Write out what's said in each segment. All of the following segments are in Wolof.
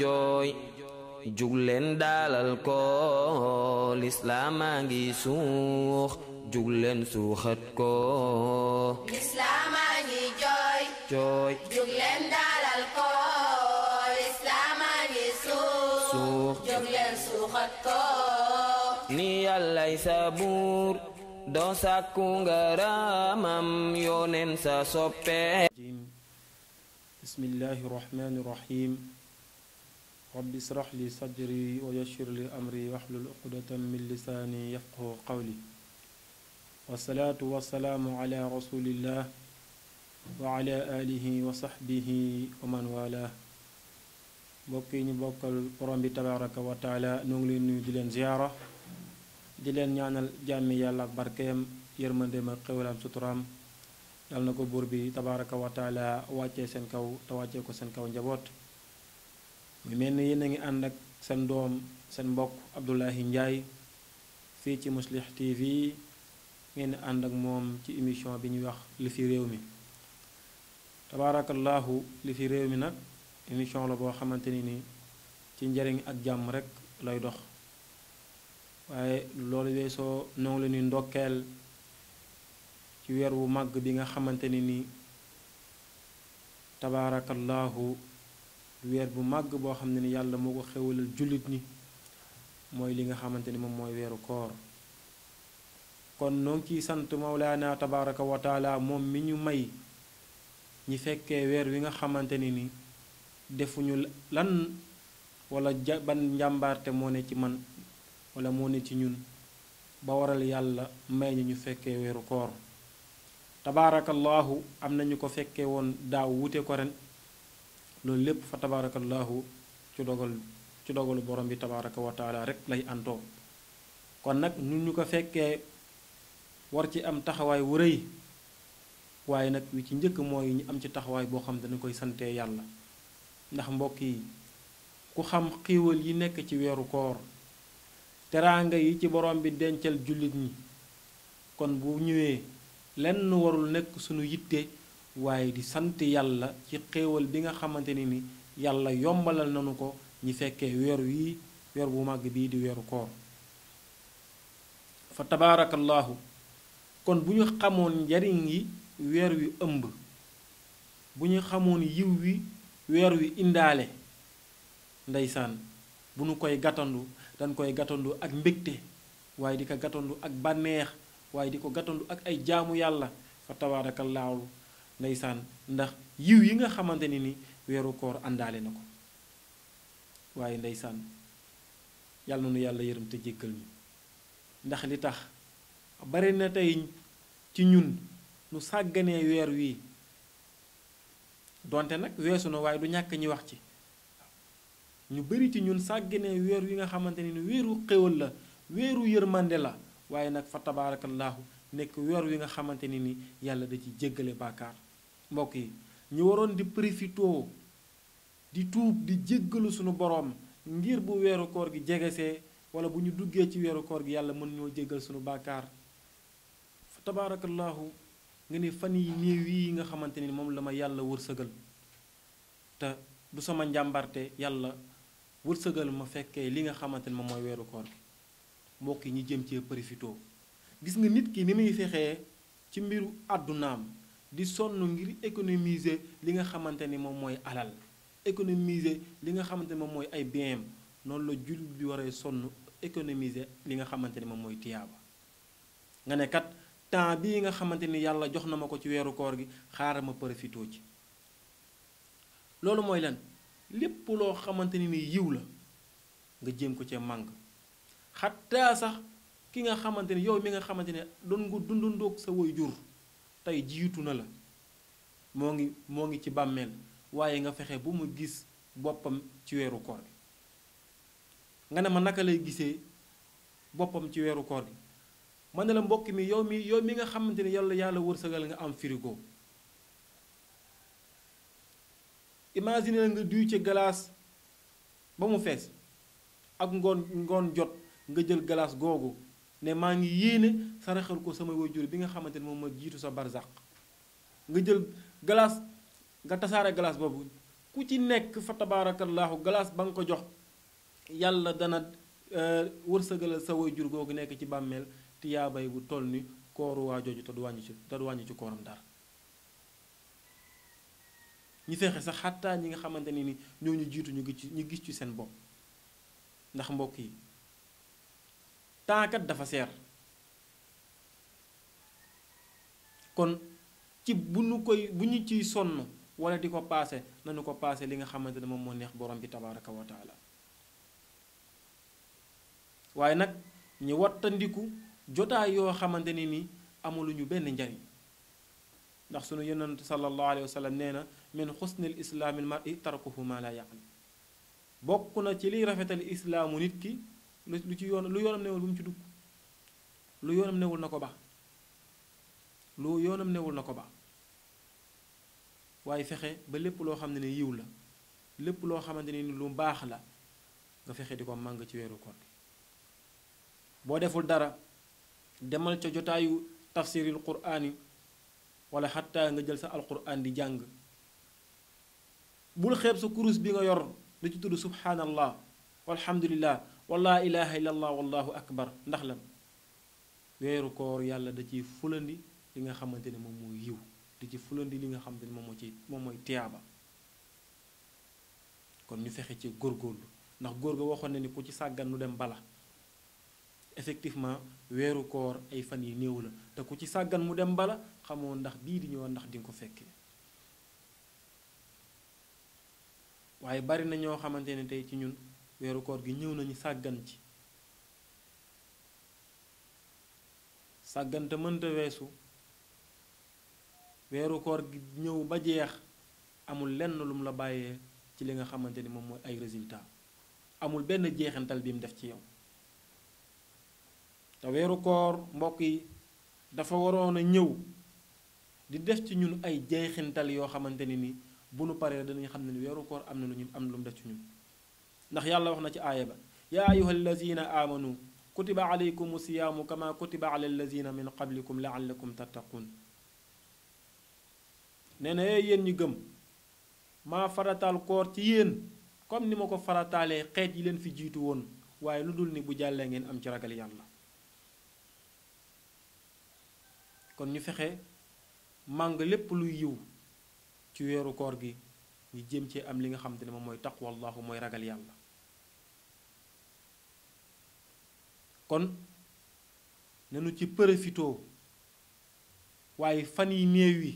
jooy jug daalal ko lislaamaa ngi suux jug leen suuxat ko lislaamaa ngi jooy jooy jug leen daalal yàllay sa buur doo sàkku ngaramam sa soppe rabbi israh li sadri wa yashir li amri waxlul uqdatan min lisaani yafqahu qawli wasalaatu wasalaamu ala rasulillah wa ala alihi wa saxbihi wa man wala mbokk yi ñu bokkal borom bi tabaraka wa taala ñoo ngi leen nuyu di leen ziyaara di leen ñaanal jàmmi yàlla ak barkeem yërmandeem ak xewalaam suturaam dal na ko buur bi tabaraka wa taala wàccee seen kaw te wàccee ko seen kaw njaboot mu mel ni yéen a ngi ànd ak seen doom seen mbokk Abdoulaye njaay fii ci Mouslih TV ngeen ànd ak moom ci émission bi ñuy wax li fi réew mi tabaarakallaahu li fi réew mi nag émission la boo xamante ni ni ci njariñ ak jàmm rekk lay dox waaye loolu weesoo noo ngi leen ndokkeel ci weer wu màgg bi nga xamante ni ni tabaarakallaahu weer bu màgg boo xam ne ni yàlla moo ko xewalal jullit ni mooy li nga xamante ni moom mooy weeru koor kon noo ngi ciy sant mawlaana tabaraka wa taala moom mi ñu may ñi fekkee weer wi nga xamante ni ni defuñu lan wala ja ban njàmbaarte moo ne ci man wala moo ne ci ñun ba waral yàlla may ñu ñu fekkee weeru koor tabaarakallaahu am nañu ko fekkee woon daaw wute ko ren loolu lépp fa tabaarakallaahu ci dogal ci dogalu borom bi tabaaraka wa rek lay àntoo kon nag ñu ñu ko fekkee war ci am taxawaay wu rëy waaye nag wi ci njëkk mooy ñu am ci taxawaay boo xam dana koy sante yàlla ndax mbokk yi ku xam xiiwal yi nekk ci weeru koor teraanga yi ci borom bi dencal jullit ñi kon bu ñëwee lenn warul nekk sunu yitte waaye di sant yàlla ci xéewal bi nga xamante ni ni yàlla yombalal nanu ko ñi fekkee weer wii weer bu màgg bii di weeru koor fa tabaarakallaahu kon bu ñu xamoon njariñ yi weer wi ëmb bu ñu xamoon yiw wi weer wi indaale ndeysaan bu nu koy gàttandu dañ koy gatandu ak mbégte waaye di ko gatandu ak bànneex waaye di ko gatandu ak ay jaamu yàlla fa tabaarakallaahu ndeysaan ndax yiw yi nga xamante ni ni weeru koor àndale na ko waaye ndeysaan yàlla na nu yàlla yërëm te jéggal ñu ndax li tax bari na tey ci ñun nu sàgganee weer wi doonte nag weesu na waaye du ñàkk ñi wax ci ñu bari ci ñun sàgganee weer wi nga xamante ni weeru xéwal la weeru yërmande la waaye nag fa tabaarakallaahu nekk weer wi nga xamante ni ni yàlla da ci jéggale bàkkaar mbokk yi ñu waroon di profitoo di tuub di jéggalu sunu boroom ngir bu weeru koor gi jegesee wala bu ñu duggee ci weeru koor gi yàlla mën ñoo jéggal sunu bàkkaar fa tabaarakallaahu nga ne fan yi néew yi nga xamante ni moom la ma yàlla wërsëgal te du sama njàmbarte yàlla wërsëgal ma fekkee li nga xamante ni moom mooy weeru koor gi mbokk yi ñu jëm cee profitoo gis nga nit ki ni muy fexee ci mbiru àddunaam di sonn ngir économiser li nga xamante ni moom mooy alal économiser li nga xamante ni moom mooy ay biens noonu la jullit bi waree sonn économiser li nga xamante ni moom mooy tiyaaba nga ne kat temps bii nga xamante ni yàlla jox na ma ko ci weeru koor gi xaaral ma profité ci loolu mooy lan lépp loo xamante ni yiw la nga jéem ko ci màng xattaa sax ki nga xamante ni yow mi nga xamante ne doon nga dundandoog sa woy jur tey jiitu na la moo ngi moo ngi ci bàmmeel waaye nga fexe bu mu gis boppam ci weeru koor bi nga ne ma naka lay gisee boppam ci weeru koor bi ma ne la mbokk mi yow mi yow mi nga xamante ne yàlla yàlla wërsëgal nga am firigo imagine la nga duy ci galaas ba mu fees ak ngoon ngoon jot nga jël galaas googu ne maa ngi yéene saraxal ko sama jur bi nga xamante ni moom ma jiitu sa barzaq nga jël galaas nga tasaare glace boobu ku ci nekk fa tabaarakallaahu galaas ba nga ko jox yàlla dana euh, wërsëgalal sa waajur googu nekk ci bàmmeel tiyaabay bu toll ni kooru waa jooju te du wàññi ci te du ci kooram dara ñi fexe sa xattaa ñi nga xamante ne ni ñoo ñu jiitu ñu gis ci ñu gis ci seen bopp ndax mbokk yi temps dafa seer kon ci bu nu koy bu ñu ciy sonn wala di ko paase nañu ko paase li nga xamante ne moom moo neex borom bi tabaraka wa waaye nag ñu wattandiku jotaay yoo xamante ne ni amuluñu benn njariñ ndax sunu yonent sallallahu alayhi wa sallam nee na min xusnil islaamil mar'i tarkuhu ma la bokk na ci liy rafetal islaamu nit ki lu ci yoon lu yoonam newul bu mu ci dugg lu yoonam newul na ko ba lu yoonam newul na ko ba waaye fexe ba lépp loo xam ne ni yiw la lépp loo xamante ni lu baax la nga fexe di ko màng ci weeru kon boo deful dara demal ca jotaayu tafsiril quraani wala xatta nga jël sa alquran di jàng bul xeeb sa kurus bi nga yor lu ci tudd subhanallah walhamdulillah wala ilaha illallah wallahu akbar ndax lan weeru koor yàlla da ci fulandi li nga xamante ne moom mooy yiw di ci fulandi li nga xamante ne moom moo ci moom mooy tiyaaba kon ñu fexe ci góorgóorlu ndax góor ga waxoon na ni ku ci sàggan nu dem bala effectivement weeru koor ay fan yi néew la te ci sàggan mu dem bala xamoon ndax bii di ñëw ndax di ko fekkee waaye bari na ñoo xamante ne tey ci ñun weeru koor gi ñëw nañu sàggan ci sàggante mënta weesu weeru koor gi ñëw ba jeex amul lenn lu mu la bàyyee ci li nga xamante ni moom mooy ay résultat amul benn jeexintal bi mu def ci yow te weeru koor mbokk yi dafa waroon a ñëw di def ci ñun ay jeexintal yoo xamante ni ni bu nu paree danañ xam ne ni weeru koor am na lu ñu am lu mu def ci ñun ndax yàlla wax na ci aaya ba yaa ayuha allazina amanu kutiba alaykum siyaamu kama kutiba ala allazina min qablikum laallakum tattaqun nee na yéen ñu gëm maa farataal koor ci comme ni ma ko farataalee xeet yi leen fi jiitu woon waaye lu dul ni bu jàllee ngeen am ci ragal yàlla kon ñu fexe màng lépp luy yiw ci weeru koor gi ñu jëm ci am li nga xam te ne moom mooy taqwallahu mooy ragal yàlla kon nanu ci profitoo waaye fan yi néew yi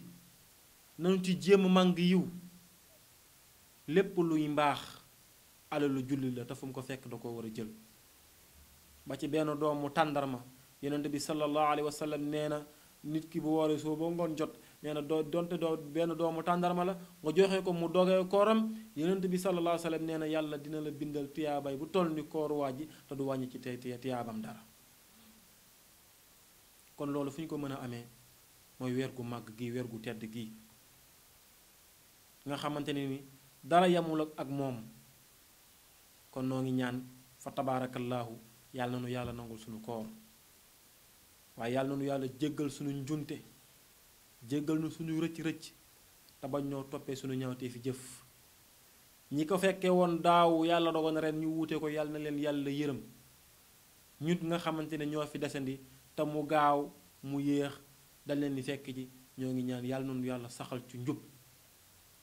nanu ci jéem màng yiw lépp luy mbaax alalu julli la te ko fekk da ko war a jël ba ci benn doomu tàndarma yonent bi sallallahu alayhi wa nee na nit ki bu wooree soo ba ngoon jot nee na doo donte doo benn doomu tàndarma la nga joxe ko mu dogee kooram yonent bi sallallahu alayhi wa nee na yàlla dina la bindal tiyaabay bu toll ni koor waa ji te du wàññi ci tey tiyaabam dara kon loolu fu ñu ko mën a ame mooy weer gu màgg gi weer gu tedd gi nga xamante ne ni dara yamul ak moom kon noo ngi ñaan fa tabaarakallaahu yàlla na nu yàlla nangul suñu koor waaye yàlla na nu yàlla jéggal suñu njunte jéggal nu suñu rëcc-rëcc te bañ ñoo toppee suñu ñaawtee fi jëf ñi ko fekkee woon daaw yàlla dogal na ren ñu wuute ko yàlla na leen yàlla yërëm ñut nga xamante ne ñoo fi desandi te mu gaaw mu yéex dañ leen di fekk ji ñoo ngi ñaan yàlla noonu yàlla saxal cu njub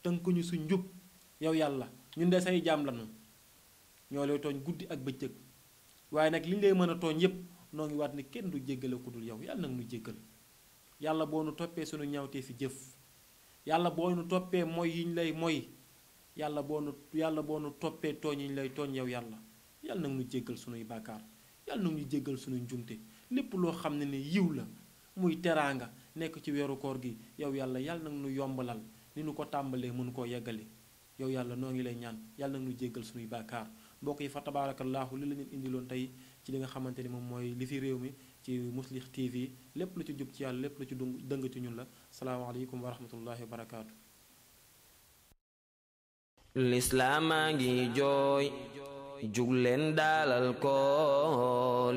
tënkuñu su njub yow yàlla ñun de say jaam lanu ñoo lay tooñ guddi ak bëccëg waaye nag li ñu lay mën a tooñ yépp noo ngi waat ni kenn du jéggale ku dul yow yàlla nag nu jéggal yàlla boo nu toppee sunu ñawtee fi jëf yàlla boo nu toppee mooy yi ñu lay mooy yàlla boo nu yàlla boo toppee tooñ yi ñu lay tooñ yow yàlla yàlla nag nu jéggal sunuy bàkkaar yàlla nag nu jéggal sunuy njumte lépp loo xam ne ni yiw la muy teraanga nekk ci weeru koor gi yow yàlla yàlla nag nu yombalal ni nu ko tàmbalee mun koo yeggale yow yàlla noo ngi lay ñaan yàlla nag nu jéggal sunuy bàkkaar mbokk yi fa tabaarakallaahu li la indiloon tey ci li nga xamante ni moom mooy li réew mi ci Mouslih lépp lu ci jub ci yàlla lépp lu ci dung dëng ci ñun la salaamaaleykum wa ngi jooy jug leen daalal ko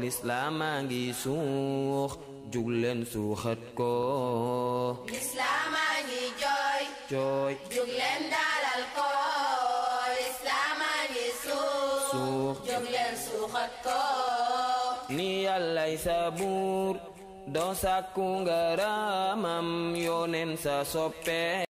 lislaamaa ngi suux jug leen suuxat ko. ni yàllay sa buur doo sàkku ngërëmam yóneen sa soppe